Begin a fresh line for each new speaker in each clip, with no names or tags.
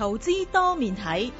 投資多面睇，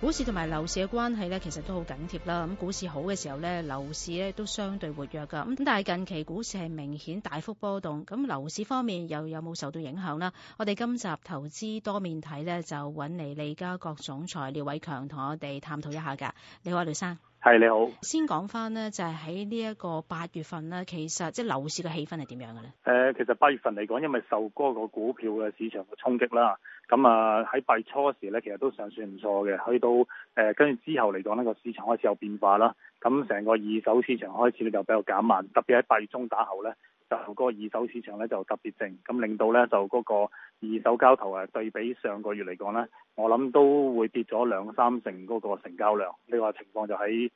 股市同埋樓市嘅關係呢，其實都好緊貼啦。咁股市好嘅時候呢，樓市呢都相對活躍噶。咁但係近期股市係明顯大幅波動，咁樓市方面又有冇受到影響呢？我哋今集投資多面睇呢，就揾嚟利嘉閣總裁廖偉強同我哋探討一下噶。你好啊，廖生。係，你好，先講翻咧，就係喺呢一個八月份咧，其實即係樓市嘅氣氛係點樣嘅咧？
誒、呃，其實八月份嚟講，因為受嗰個股票嘅市場嘅衝擊啦，咁啊喺八月初時咧，其實都尚算唔錯嘅。去到誒跟住之後嚟講呢個市場開始有變化啦。咁成個二手市場開始咧就比較減慢，特別喺八月中打後咧，就嗰個二手市場咧就特別靜，咁令到咧就嗰個二手交投誒對比上個月嚟講咧，我諗都會跌咗兩三成嗰個成交量，呢、呢個情況就喺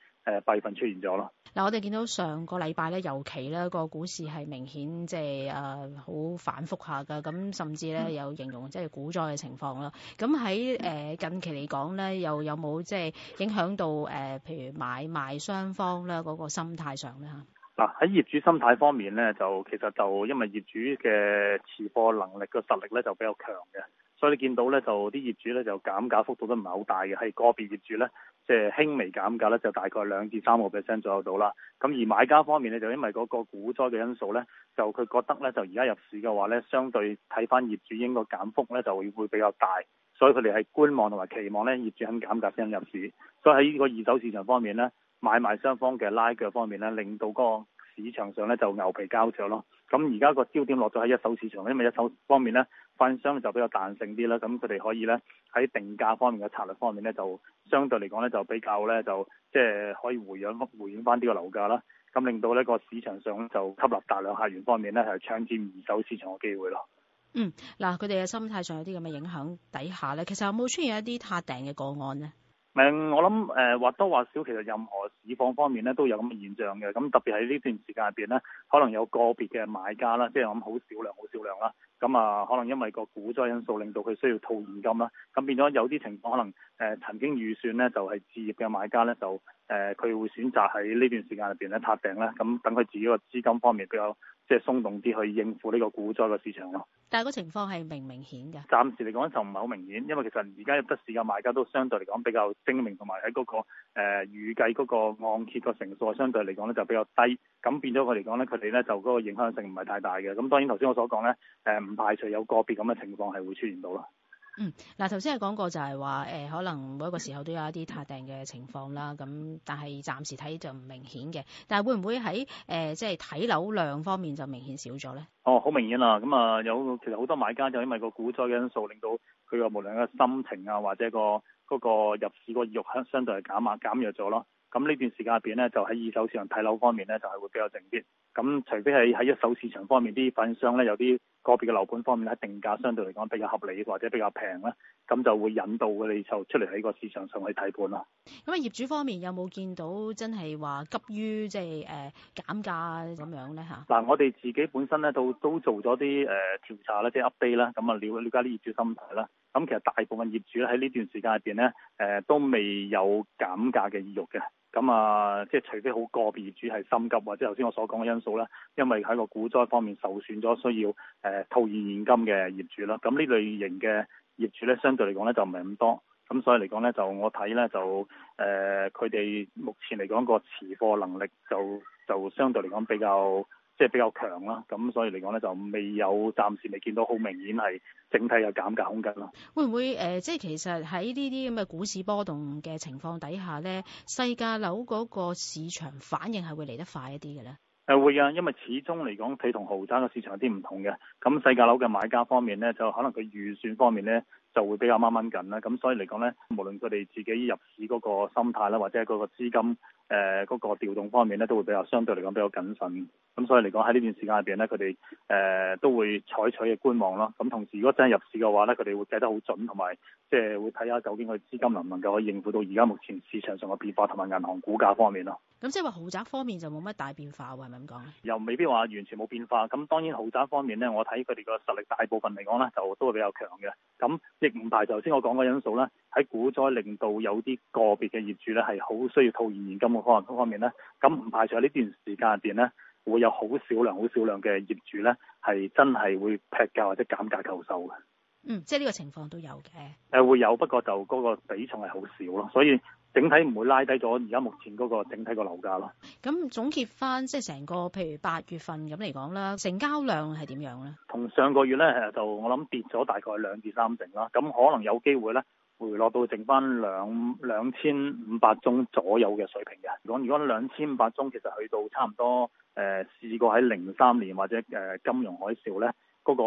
八月份出現咗咯。
嗱，我哋見到上個禮拜咧，尤其咧個股市係明顯即係誒好反覆下嘅，咁甚至咧有形容即係股災嘅情況咯。咁喺誒近期嚟講咧，又有冇即係影響到誒譬如買賣雙方咧嗰個心態上咧嚇？
嗱，喺業主心態方面咧，就其實就因為業主嘅持貨能力個實力咧就比較強嘅。所以你見到咧，就啲業主咧就減價幅度都唔係好大嘅，係個別業主咧，即係輕微減價咧，就大概兩至三個 percent 左右到啦。咁而買家方面咧，就因為嗰個股災嘅因素咧，就佢覺得咧，就而家入市嘅話咧，相對睇翻業主應該減幅咧就會會比較大，所以佢哋係觀望同埋期望咧，業主肯減價先入市。所以喺呢個二手市場方面咧，買賣雙方嘅拉鋸方面咧，令到嗰個。市場上咧就牛皮膠著咯，咁而家個焦點落咗喺一手市場，因為一手方面咧，發展商就比較彈性啲啦，咁佢哋可以咧喺定價方面嘅策略方面咧，就相對嚟講咧就比較咧就即係、就是、可以回應回應翻呢個樓價啦，咁令到呢個市場上就吸納大量客源方面咧係搶佔二手市場嘅機會咯。
嗯，嗱，佢哋嘅心態上有啲咁嘅影響底下咧，其實有冇出現一啲撻訂嘅個案咧？
我諗誒、呃，或多或少其實任何市況方面咧都有咁嘅現象嘅，咁特別喺呢段時間入邊咧，可能有個別嘅買家啦，即係我諗好少量，好少量啦。咁、嗯、啊，可能因為個股災因素，令到佢需要套現金啦，咁變咗有啲情況可能誒、呃、曾經預算呢就係、是、置業嘅買家呢，就誒佢、呃、會選擇喺呢段時間入邊咧撻定啦，咁等佢自己個資金方面比較即係鬆動啲去應付呢個股災嘅市場咯。
但係個情況係明唔明顯嘅？
暫時嚟講就唔係好明顯，因為其實而家入得市嘅買家都相對嚟講比較精明，同埋喺嗰個誒預計嗰個按揭個成數相對嚟講呢就比較低，咁變咗佢嚟講呢，佢哋呢就嗰個影響性唔係太大嘅。咁當然頭先我所講呢誒。呃唔排除有個別咁嘅情況係會出現到咯。嗯，
嗱頭先係講過就係話，誒、呃、可能每一個時候都有一啲撻訂嘅情況啦。咁但係暫時睇就唔明顯嘅。但係會唔會喺誒即係睇樓量方面就明顯少咗咧？
哦，好明顯啦。咁啊，嗯、有其實好多買家就因為個股災嘅因素，令到佢個無論個心情啊，或者、嗰個嗰、嗰個入市個慾向相對係減壓減弱咗咯。咁呢段時間入邊咧，就喺二手市場睇樓方面咧，就係會比較靜啲。咁除非係喺一手市場方面啲粉商咧，有啲個別嘅樓盤方面，喺定價相對嚟講比較合理或者比較平啦。咁就會引導佢哋就出嚟喺個市場上去睇盤啦。
咁啊，業主方面有冇見到真係話急於即係誒減價咁樣咧嚇？
嗱、呃，我哋自己本身咧都都做咗啲誒調查啦，即係 update 啦，咁啊了了解啲業主心態啦。咁、嗯、其實大部分業主咧喺呢段時間入邊咧、呃、都未有減價嘅意欲嘅。咁、嗯、啊，即係除非好個別業主係心急或者頭先我所講嘅因素啦，因為喺個股災方面受損咗，需要誒、呃、套現現金嘅業主啦。咁、嗯、呢類型嘅。業主咧相對嚟講咧就唔係咁多，咁所以嚟講咧就我睇咧就誒佢哋目前嚟講個持貨能力就就相對嚟講比較即係、就是、比較強啦，咁所以嚟講咧就未有暫時未見到好明顯係整體有減價空間咯。
會唔會誒、呃、即係其實喺呢啲咁嘅股市波動嘅情況底下咧，細價樓嗰個市場反應係會嚟得快一啲嘅咧？
誒會啊，因為始終嚟講，佢同豪宅個市場有啲唔同嘅。咁細價樓嘅買家方面咧，就可能佢預算方面咧，就會比較掹掹緊啦。咁所以嚟講咧，無論佢哋自己入市嗰個心態啦，或者嗰個資金誒嗰、呃嗰個調動方面咧，都會比較相對嚟講比較謹慎。咁所以嚟講喺呢段時間入邊咧，佢哋誒都會採取嘅觀望咯。咁同時，如果真係入市嘅話咧，佢哋會計得好準，同埋即係會睇下究竟佢資金能唔能夠應付到而家目前市場上嘅變化同埋銀行股價方面咯。
咁即係話豪宅方面就冇乜大變化喎，係咪咁講？
又未必話完全冇變化。咁當然豪宅方面咧，我睇佢哋個實力大部分嚟講咧，就都係比較強嘅。咁亦唔排除頭先我講嘅因素咧，喺股災令到有啲個別嘅業主咧係好需要套現現金嘅可能方面咧，咁唔排除喺呢段時間入邊咧，會有好少量、好少量嘅業主咧係真係會劈價或者減價求售嘅。
嗯，即係呢個情況都有嘅。
誒，會有，不過就嗰個比重係好少咯，所以。整體唔會拉低咗而家目前嗰個整體個樓價咯。
咁總結翻即係成個譬如八月份咁嚟講啦，成交量係點樣咧？
同上個月咧，我想就我諗跌咗大概兩至三成啦。咁可能有機會咧回落到剩翻兩兩千五百宗左右嘅水平嘅。如如果兩千五百宗，其實去到差唔多。誒試過喺零三年或者金融海嘯咧，嗰、那個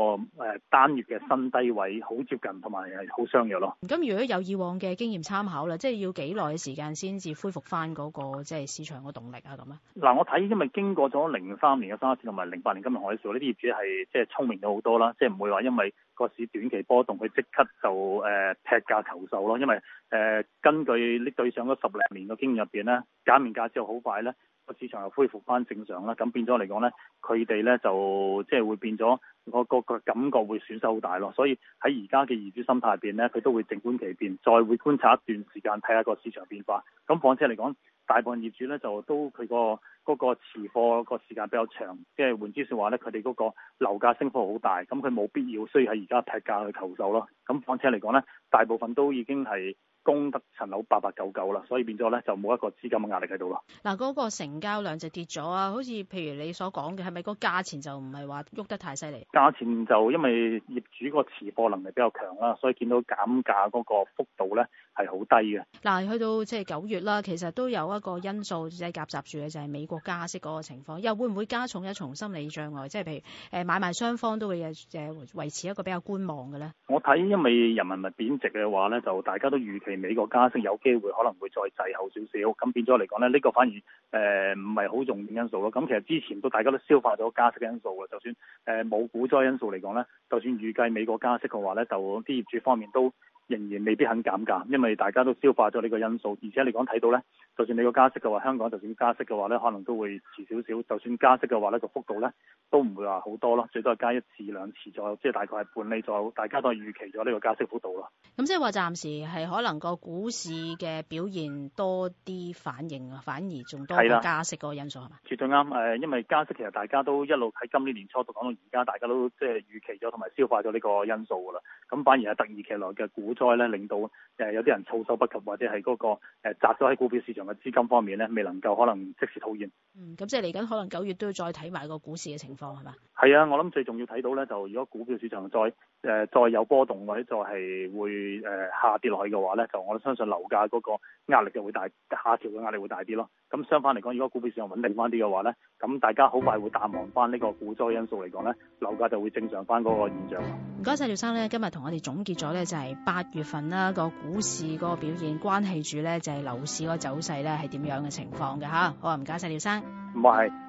誒單月嘅新低位好接近，同埋係好相若咯。
咁如果有以往嘅經驗參考啦，即係要幾耐嘅時間先至恢復翻嗰個即係市場嘅動力啊？咁、嗯、
啊？嗱，我睇因為經過咗零三年嘅沙士同埋零八年金融海嘯，呢啲業主係即係聰明咗好多啦，即係唔會話因為個市短期波動，佢即刻就誒、呃、劈價求售咯。因為誒、呃、根據呢對上嗰十零年嘅經驗入面，咧，減面價之後好快咧。個市場又恢復翻正常啦，咁變咗嚟講呢，佢哋呢就即係、就是、會變咗，我、那個感覺會損失好大咯。所以喺而家嘅業主心態入邊呢，佢都會靜觀其變，再會觀察一段時間，睇下個市場變化。咁況且嚟講，大部分業主呢就都佢、那個嗰、那個持貨個時間比較長，即、就、係、是、換句說話呢，佢哋嗰個樓價升幅好大，咁佢冇必要需要喺而家劈價去求售咯。咁況且嚟講呢，大部分都已經係。供得層樓八八九九啦，所以變咗咧就冇一個資金嘅壓力喺度啦。
嗱，嗰個成交量就跌咗啊，好似譬如你所講嘅，係咪個價錢就唔係話喐得太犀利？
價錢就因為業主個持貨能力比較強啦，所以見到減價嗰個幅度咧係好低嘅。
嗱，去到即係九月啦，其實都有一個因素即係夾雜住嘅就係美國加息嗰個情況，又會唔會加重一重心理障礙？即係譬如誒買賣雙方都會誒維持一個比較觀望嘅咧？
我睇因為人民幣貶值嘅話咧，就大家都預期。美國加息有機會可能會再滯後少少，咁變咗嚟講咧，呢個反而誒唔係好重點因素咯。咁其實之前都大家都消化咗加息嘅因素啦，就算誒冇、呃、股災因素嚟講咧，就算預計美國加息嘅話咧，就啲業主方面都。仍然未必肯減價，因為大家都消化咗呢個因素，而且你講睇到呢，就算你個加息嘅話，香港就算加息嘅話呢，可能都會遲少少。就算加息嘅話呢，個幅度呢都唔會話好多咯，最多係加一次兩次左右，即係大概係半厘左右。大家都係預期咗呢個加息幅度咯。
咁即係話暫時係可能個股市嘅表現多啲反應啊，反而仲多啲加息嗰個因素係嘛？
絕對啱誒，因為加息其實大家都一路喺今年年初到講到而家，大家都即係預期咗同埋消化咗呢個因素㗎啦。咁反而係突如其來嘅股。再咧令到誒有啲人措手不及，或者係嗰個誒砸咗喺股票市場嘅資金方面咧，未能夠可能即時套現。
嗯，咁即係嚟緊可能九月都要再睇埋個股市嘅情況，係嘛？
係啊，我諗最重要睇到咧，就如果股票市場再。誒、呃，再有波動，或者再係會誒、呃、下跌落去嘅話咧，就我相信樓價嗰個壓力就會大，下調嘅壓力會大啲咯。咁相反嚟講，如果股票市場穩定翻啲嘅話咧，咁大家好快會淡忘翻呢個股災因素嚟講咧，樓價就會正常翻嗰個現象。
唔該晒，廖生咧，今日同我哋總結咗咧就係八月份啦個股市嗰個表現，關係住咧就係樓市嗰個走勢咧係點樣嘅情況嘅吓。好啊，唔該晒，廖生。
唔係。